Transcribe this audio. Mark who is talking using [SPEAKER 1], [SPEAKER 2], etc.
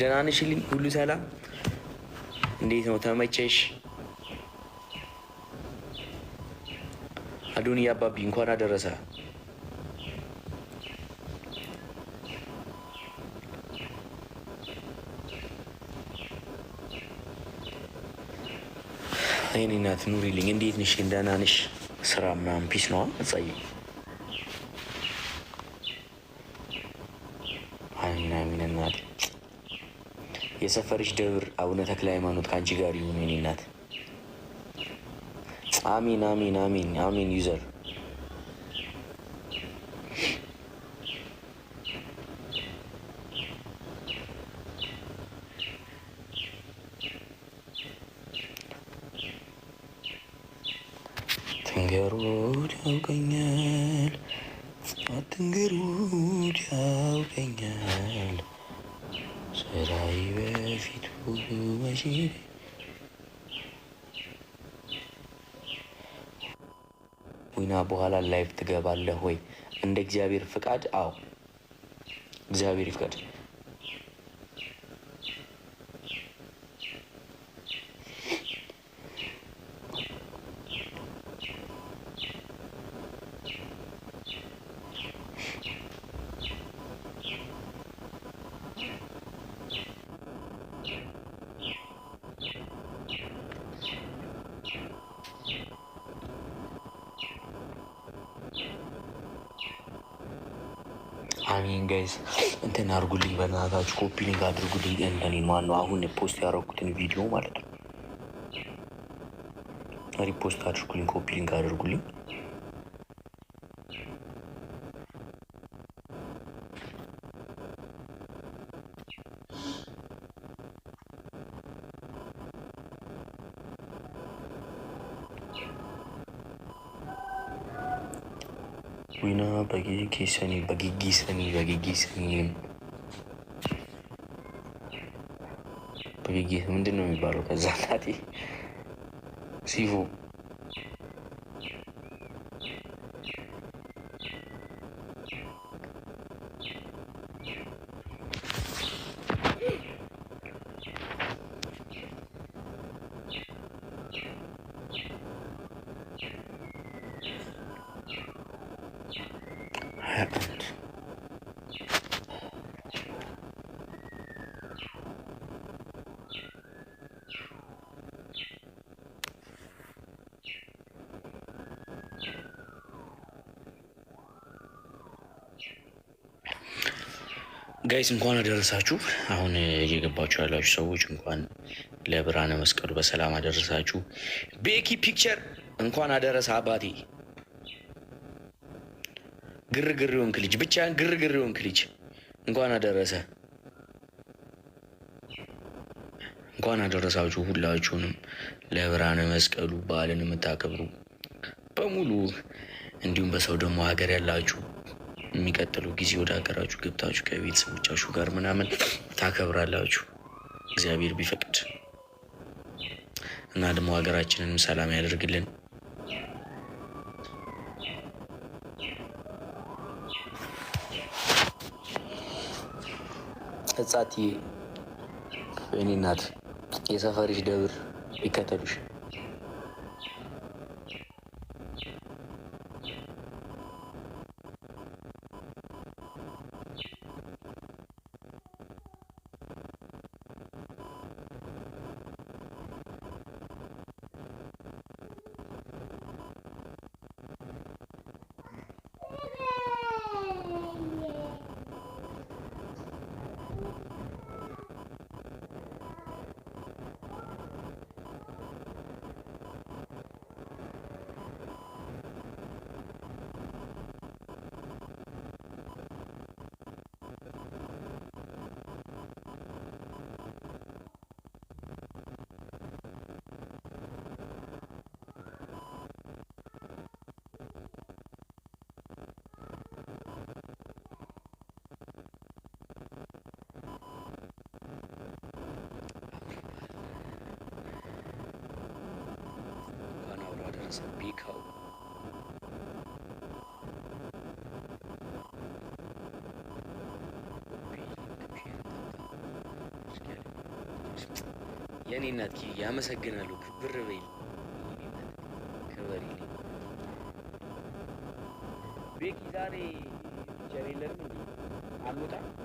[SPEAKER 1] ደህና ነሽልኝ? ሁሉ ሰላም? እንዴት ነው? ተመቸሽ? አዶንያ አባቢ እንኳን አደረሰ። አይኔ ናት ኑሪልኝ። እንዴት ነሽ? ደህና ነሽ? ስራ ምናምን ፒስ ነዋ። እጸይ አጻይ አይና ሚንናት የሰፈርሽ ደብር አቡነ ተክለ ሃይማኖት ከአንቺ ጋር ይሁን የኔ እናት። አሚን አሚን አሚን አሚን። ዩዘር ትንገሩድ ያውቀኛል፣ ትንገሩድ ያውቀኛል ላይ በፊቱ ወሺ ዊና በኋላ ላይፍ ትገባለህ ወይ? እንደ እግዚአብሔር ፍቃድ። አዎ እግዚአብሔር ይፍቀድ። አሚን ጋይስ እንትን አድርጉልኝ በእናታችሁ ኮፒ ሊንክ አድርጉልኝ። እንደኔ ማን ነው አሁን ፖስት ያደረኩትን ቪዲዮ ማለት ነው። ሪፖስት አድርጉልኝ፣ ኮፒ ሊንክ አድርጉልኝ። Wina bagi kisah ni Bagi kisah ni Bagi kisah ni Bagi kisah ni Bagi kisah ni Bagi kisah happened. ጋይስ እንኳን አደረሳችሁ። አሁን እየገባችሁ ያላችሁ ሰዎች እንኳን ለብርሃነ መስቀሉ በሰላም አደረሳችሁ። ቤኪ ፒክቸር እንኳን አደረሰ አባቴ። ግርግር ሆንክ ልጅ፣ ብቻ ግርግር ሆንክ ልጅ። እንኳን አደረሰ እንኳን አደረሳችሁ ሁላችሁንም ለብርሃነ መስቀሉ በዓልን የምታከብሩ በሙሉ እንዲሁም በሰው ደግሞ ሀገር ያላችሁ የሚቀጥሉ ጊዜ ወደ ሀገራችሁ ገብታችሁ ከቤተሰቦቻችሁ ጋር ምናምን ታከብራላችሁ እግዚአብሔር ቢፈቅድ እና ደግሞ ሀገራችንንም ሰላም ያደርግልን። እጻትዬ፣ እኔ እናት የሰፈሪሽ ደብር ይከተሉሽ። is a B የኔ እናት ኪ ያመሰግናሉ። ክብር በይል ክብር ይል ቤኪ ዛሬ ጀኔለርም እንዲ አልሞታ